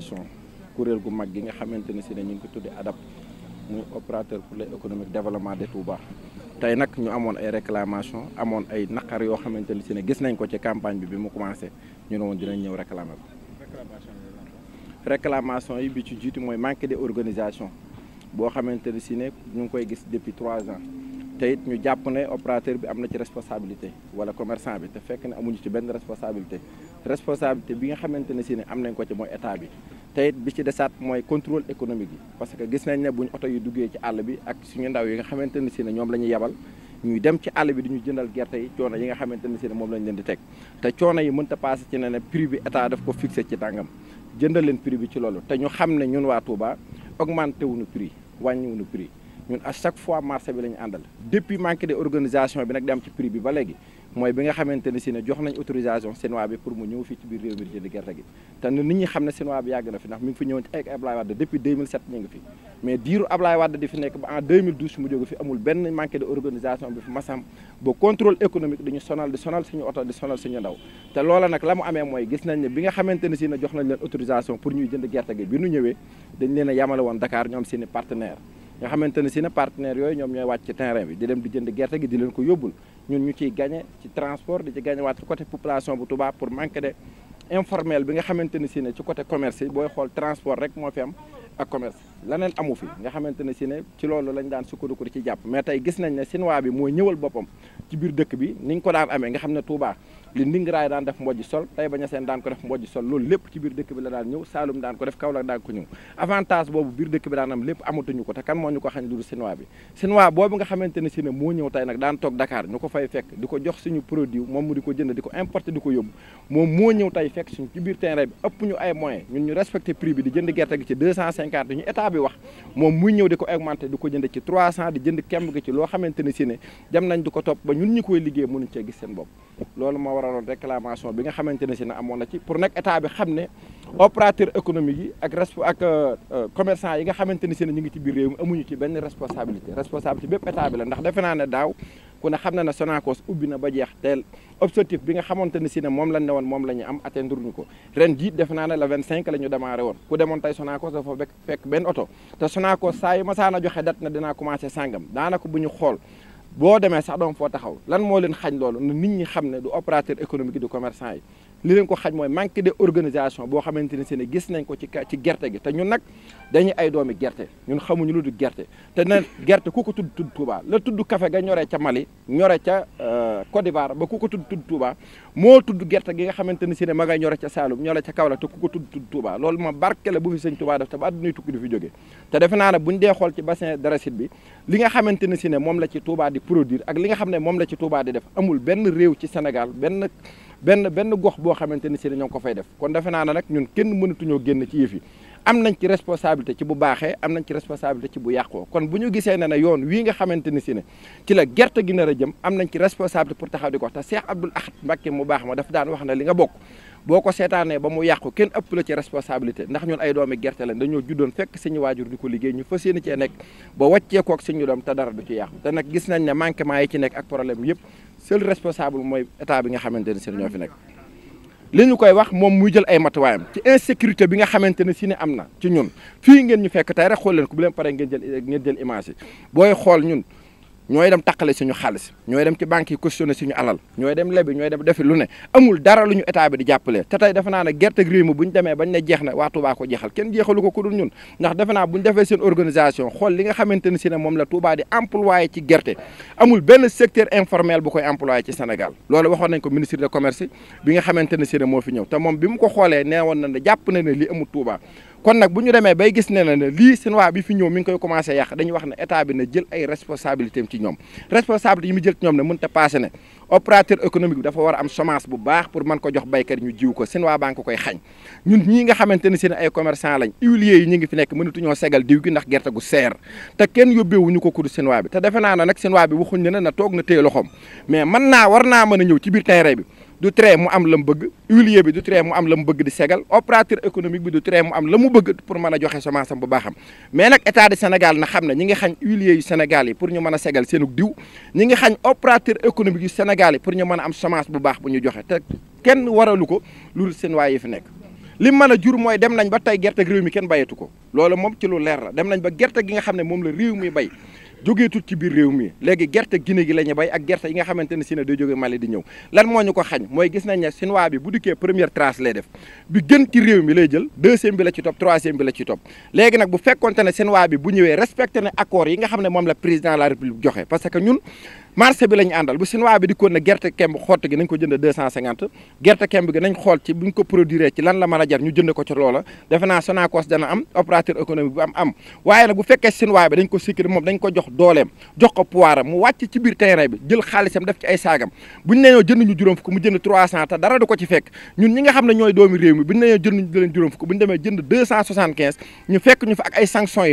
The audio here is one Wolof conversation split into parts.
communication kuréel gu mag gi nga xamante ne si ne ñu ngi ko tuddi ADAP muy opérateur pour l'économique développement bu baax tey nag ñu amoon ay réclamation amoon ay naqar yoo xamante ne si ne gis nañ ko ci campagne bi bi mu commencé ñu ne woon dinañ ñëw réclamer ko. réclamation yi bi ci jiitu mooy manque de organisation boo xamante ne si ne ñu ngi koy gis depuis trois ans. te it ñu jàpp ne opérateur bi am na ci responsabilité wala commercant bi te fekk ne amuñu ci benn responsabilité responsabilité bi nga xamante ne si ne am nañ ko ci mooy état bi tey it bi ci desaat mooy contrôle économique bi parce que gis nañ ne bu ñu oto yi duggee ci àll bi ak suñu ndaw yi nga xamante ne si ne ñoom lañu ñuy ñuy dem ci àll bi di ñu jëndal gerte yi coono yi nga xamante ne si ne moom lañ leen di teg te coono yi mënta passé ci ne ne prix bi état daf ko fixé ci tàngam jëndal leen prix bi ci loolu te ñu xam ne ñun waa Touba augmenté wuñu prix wàññiwuñu prix ñun à chaque fois marché bi la ñu àndal depuis manque de organisation bi nag di am ci prix bi ba léegi mooy bi nga xamante ne si ne jox nañ autorisation Sinoa pour mu fii ci biir réew mi di jënd gerte gi ne Sinoa bi yàgg fi ndax mi ngi fi ñëwoon ci ay Ablaye Wade nekk ba en 2012 mu jóge fi amul benn manque de sonal sonal suñu oto di sonal suñu ndaw te loola nag la mu amee mooy gis nañ ne bi nga xamante ne si ne nañ leen autorisation pour ñuy jënd gerte gi bi ñu ñëwee dañ leen a yamale woon Dakar ñoom seeni partenaire nga xamante ne si ne partenaires yooyu ñoom ñooy wàcc ci terrain bi di dem di jënd gerte gi di leen ko yóbbul ñu ñu ciy gagné ci transport di ci gagné waat ci côté population bu Touba pour manqué de informel bi nga xamante ne si ne ci côté commerce yi booy xool transport rek moo fi am ak commerce laneen amu fi nga xamante ne si ne ci loolu lañu daan sukkandiku di ci jàpp mais tey gis nañ ne Sinoa bi mooy ñëwal boppam ci biir dëkk bi niñ ko daan amee nga xam ne Touba li ndingaraay daan def mbojj sol Taïba Niassène daan ko def mbojj sol loolu lépp ci biir dëkk bi la daan ñëw Saalum daan ko def Kaolack daan ko ñëw avantage boobu biir dëkk bi daan am lépp amatuñu ko te kan moo ñu ko xañ lu dul bi Sinoa boobu nga xamante ne si moo ñëw tey nag daan toog Dakar ñu ko fay fekk di ko jox suñu produit moom mu di ko jënd di ko importer di ko yóbbu moom moo ñëw tey fekk suñu ci biir terrain bi ëpp ñu ay moyens waraloon réclamation bi nga xamante ne si na amoon na ci pour nag état bi xam ne opérateur économique yi ak resp ak euh, euh, yi nga xamante ne si ne ñu ngi ci biir réew mi amuñu ci benn responsabilité responsabilité bépp état bi la ndax defe naa ne daaw ko ne xam na ne ubbi na ba jeex teel objectif bi nga xamante ne si ne moom lañ ne woon moom la ñu am atteindre ñu ko ren jii defe naa ne le 25 la ñu démarré woon ku demoon tey Sonacos dafa fekk benn oto te Sonacos saa yu masaana joxe date na dinaa commencé sàngam daanaka bu xool boo demee sax doom foo taxaw lan moo leen xañ loolu na ñi xam ne du opérateur économique yi du commerçant yi li leen ko xaj mooy manque de organisation boo xamante ne si ne gis nañ ko ci ci gerte gi te ñun nag dañu ay doomi gerte ñun xamuñu lu du gerte te na gerte ku ko tudd tudd Touba la tudd kafe ga ñoree ca Mali ñoree ca euh, Côte d'Ivoire ba ku ko tudd tudd Touba moo tudd gerte gi nga xamante ne si ne ma ñore ca Saalum ñore ca kaw Kaolack te ku ko tudd tudd Touba loolu ma barke la bu fi sëñ Touba def te ba addunay tukki du fi jógee te defe naa ne buñ dee xool ci bassin d'arachide bi li nga xamante ne si ne moom la ci Touba di produire ak li nga xam ne moom la ci Touba di def amul benn réew ci Sénégal benn benn benn gox boo xamante ni si ne ñoo ko fay def kon defe naa ne nag ñun kenn mënatuñoo génn ci yëf am nañ ci responsabilité ci bu baaxee am nañ ci responsabilité ci bu yàqoo kon bu ñu gisee ne ne yoon wii nga xamante ni si ne ci la gerte gi nar a jëm am nañ ci responsabilité pour taxaw di ko te Cheikh Abdoul Ahad Mbacké mu baax ma daf daan wax na li nga bokk boo ko seetaanee ba mu yàqu kenn ëpp la ci responsabilité ndax ñun ay doomi gerte lañ dañoo juddoon fekk suñu waajur di ko liggéey ñu fas yéene cee nekk ba wàccee kook suñu doom te dara du ci yàqu te nag gis nañ ne manquement yi ci nekk ak problème yëpp seul responsable mooy état bi nga xamante ne si ñoo fi nekk li ñu koy wax moom mu jël ay matuwaayam ci insécurité bi nga xamante ne si ne am na ci ñun fii ngeen ñu fekk tey rek xool leen ku bu leen pare ngeen jël ngeen jël image yi booy xool ñun ñooy dem taqale suñu xaalis ñooy dem ci banque yi cautionné suñu alal ñooy dem lebi ñooy dem defi lu ne amul dara lu ñu état bi di jàppalee te tey defe ne gerte ak réew demee bañ ne jeex na waa Touba ko kenn jeexalu ko ku dul ñun ndax defe naa bu seen organisation xool li nga xamante ne ne moom la Touba di employé ci gerte amul benn bu koy employé ci Sénégal loolu waxoon nañ ko ministre de commerce bi nga ne si moo fi ñëw te moom bi mu ko xoolee nee na ne jàpp na ne li amul bu ñu demee bay gis ne ne lii seen bi fi ñëw mi ngi koy commencé yàq dañuy wax ne état bi na jël ay responsabilité ci ñoom responsabilité yi mu jël ci ñoom ne mënut a passé ne opérateur économique bi dafa war am semence bu baax pour mën ko jox béykat ñu jiw ko seen waa banque koy xañ ñun ñii nga xamante ne seen ay commerçant lañ huiliers yi ñu ngi fi nekk mënatuñoo segal diw gi ndax gerte gu seer te kenn yóbbeewuñu ko kudu seen waa bi te defe naa ne nag seen waa bi waxuñ ne na toog na tey loxoom mais mën naa war naa mën a ñëw ci biir terrain bi du tere mu am la mu bëgg huilier bi du tere mu am la mu bëgg di segal opérateur économique bi du tere mu am la mu bëgg pour mën a joxe semence bu baaxam mais nag état du Sénégal na xam ne ñi ngi xañ huilier yu Sénégal yi pour ñu mën a segal seenug diw ñi ngi xañ opérateur économique yu Sénégal yi pour ñu mën a am semence bu baax bu ñu joxe te kenn waralu ko loolu seen waay yi fi nekk li mën a jur mooy dem nañ ba tey gerte réew mi kenn bayatu ko loolu moom ci lu leer la dem nañ ba gerte gi nga xam ne moom la réew mi bay jógeetul ci biir réew mi léegi gerte Guinée gi la ñu bay ak gerte yi nga xamante ne si ne day jóge Mali di ñëw lan moo ñu ko xañ mooy gis nañ ne Chinois bi bu dikkee première trace lay def bi gën ci réew mi lay jël deuxième bi la ci topp troisième bi la ci topp léegi nag bu fekkonte ne Chinois bi bu ñëwee respecté ne accords yi nga xam ne moom la président de la république joxe parce que ñun marché bi lañu àndal bu chinois bi dikkoon ne gerte kemb xott gi nañ ko jënd deux cent gerte kemb gi nañ xool ci buñ ko produire ci lan la mën a jar ñu jënd ko ci loola defe naa Sonacos dana am opérateur bu am am waaye nag bu fekkee chinois bi dañ ko sikkiri moom dañ ko jox dooleem jox ko pouvoiram mu wàcc ci biir terrain bi jël xaalisam def ci ay saagam buñ ne ñoo jënd ñu juróom fukk mu jënd trois cent dara du ko ci fekk ñu leen juróom fukk buñ demee jënd fa ak ay sanctions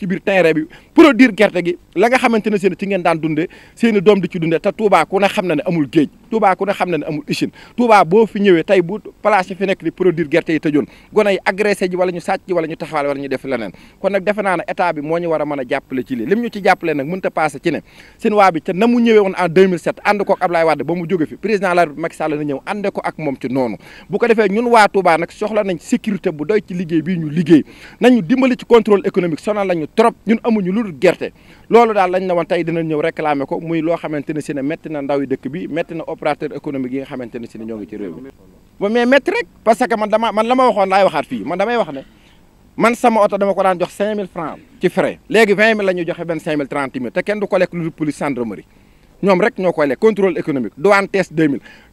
yu métti bi produire gerte gi la nga xamante ci ngeen daan dundee seen i doom di ci dundee te Touba ku ne xam na ne amul géej Touba ku ne xam na ne amul usine Touba boo fi ñëwee tey bu place fi nekk di produire gerte yi tëjoon gone yi ji wala ñu sàcc ji wala ñu taxawal wala ñu def leneen kon defe naa ne état bi moo ñu war a mën a ci lii lim ñu ci jàppale nag mënut a passé ci ne seen bi na mu ñëwee woon en 2007 ànd kook ko ak moom ci amuñu lu dul gerte loolu daal lañ ne woon tey dina ñëw réclamer ko muy loo xamante ne si ne métti na ndaw yi dëkk bi métti na opérateur économique yi nga xamante ne si ne ñoo ngi ci réew mi ba mais métti rek parce que man dama man la ma waxoon laay waxaat fii man damay wax ne man sama oto dama ko daan jox 5000 francs ci frais léegi 20 000 la ñuy joxe benn 5000 30 000 te kenn du ko lekk lu dul police gendarmerie ñoom rek ñoo koy lekk contrôle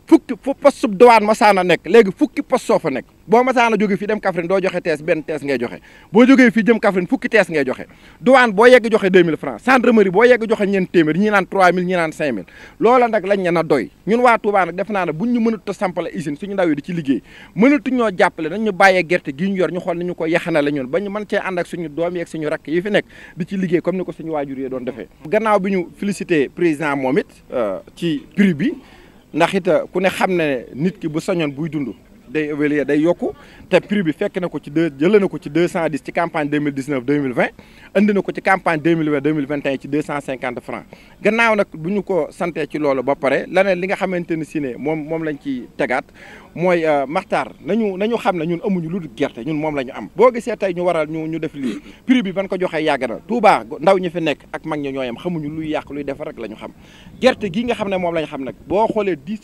fukki fu poste sub douane masaana nekk léegi fukki poste soo fa nekk boo masaana jóge fii dem Kaffrine doo joxe tees benn tees ngay joxe boo jógee fii jëm Kaffrine fukki tees ngay joxe douane boo yegg joxe 2000 francs gendarmerie boo yegg joxe ñeent ne buñ ñu mënut a sampale usine suñu ndaw yi di ci liggéey mënatu ñoo jàppale nañ ñu bàyyee gerte gi ñu yor ñu xool ni ñu ko yaxanale ñun ba ñu mën cee ànd ak suñu doom yeeg suñu rakk yi fi nekk di ci liggéey comme ni ko suñu waajur yi doon defee ñu félicité président moom it euh, ci prix bi ndax it ku ne xam ne nit ki bu sañoon buy dund day évaluer day yokk te prix bi fekk na ko ci deux jëlee na ko ci deux cent dix ci campagne deux mille dix neuf deux mille vingt indi na ko ci campagne deux mille vingt deux mille ci deux cent cinquante francs gannaaw nag bu ñu ko santee ci loolu ba pare leneen li nga xamante ni si ne moom moom lañ ci tegaat mooy euh, maxtaar nañu nañu xam ne ñun amuñu lu dul gerte ñun moom la ñu am boo gisee tey ñu waral ñu ñu def lii prix bi ban ko joxe yàgg na Touba ndaw ñi fi nekk ak mag ñi ñooyam xamuñu luy yàq luy defar la ñu xam gerte gi nga xam ne moom la xam nag boo xoolee dix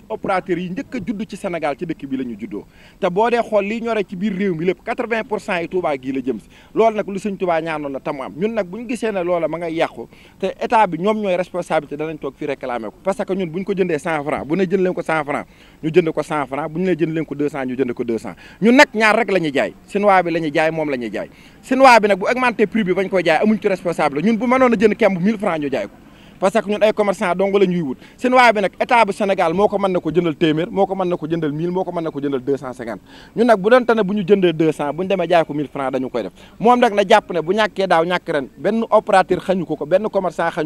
yi njëkk a judd ci Sénégal ci dëkk bi la ñu juddoo te boo dee xool li ñoree ci biir réew mi lépp quatre vingt pour cent yi Touba gii la jëm si loolu nag lu sëñ Touba ñaanoon la tamu am ñun nag bu ñu gisee ne loola ma ngay yàqu te état bi ñoom ñooy responsabilité danañ toog fi réclamé ko parce que ñun bu ñu ko jëndee cent franc bu ne jënd ko cent franc jënd leen ko 200 ñu jënd ko 200 ñun nag ñaar rek la jaay chinois bi jaay moom la jaay chinois bi bu augmenté prix bi bañ koy jaay amuñ responsable ñun bu mënoon a jënd kemb 1000 francs ñu jaay ko parce que ñun ay commerçant dong la ñuy wut chinois bi nag état bu Sénégal moo ko mën na ko jëndal téeméer moo ko mën na ko jëndal 1000 moo ko mën na ko jëndal jaay ko 1000 francs dañu koy def moom nag na jàpp ne bu ñàkkee daaw ñàkk benn opérateur xañu ko ko benn commerçant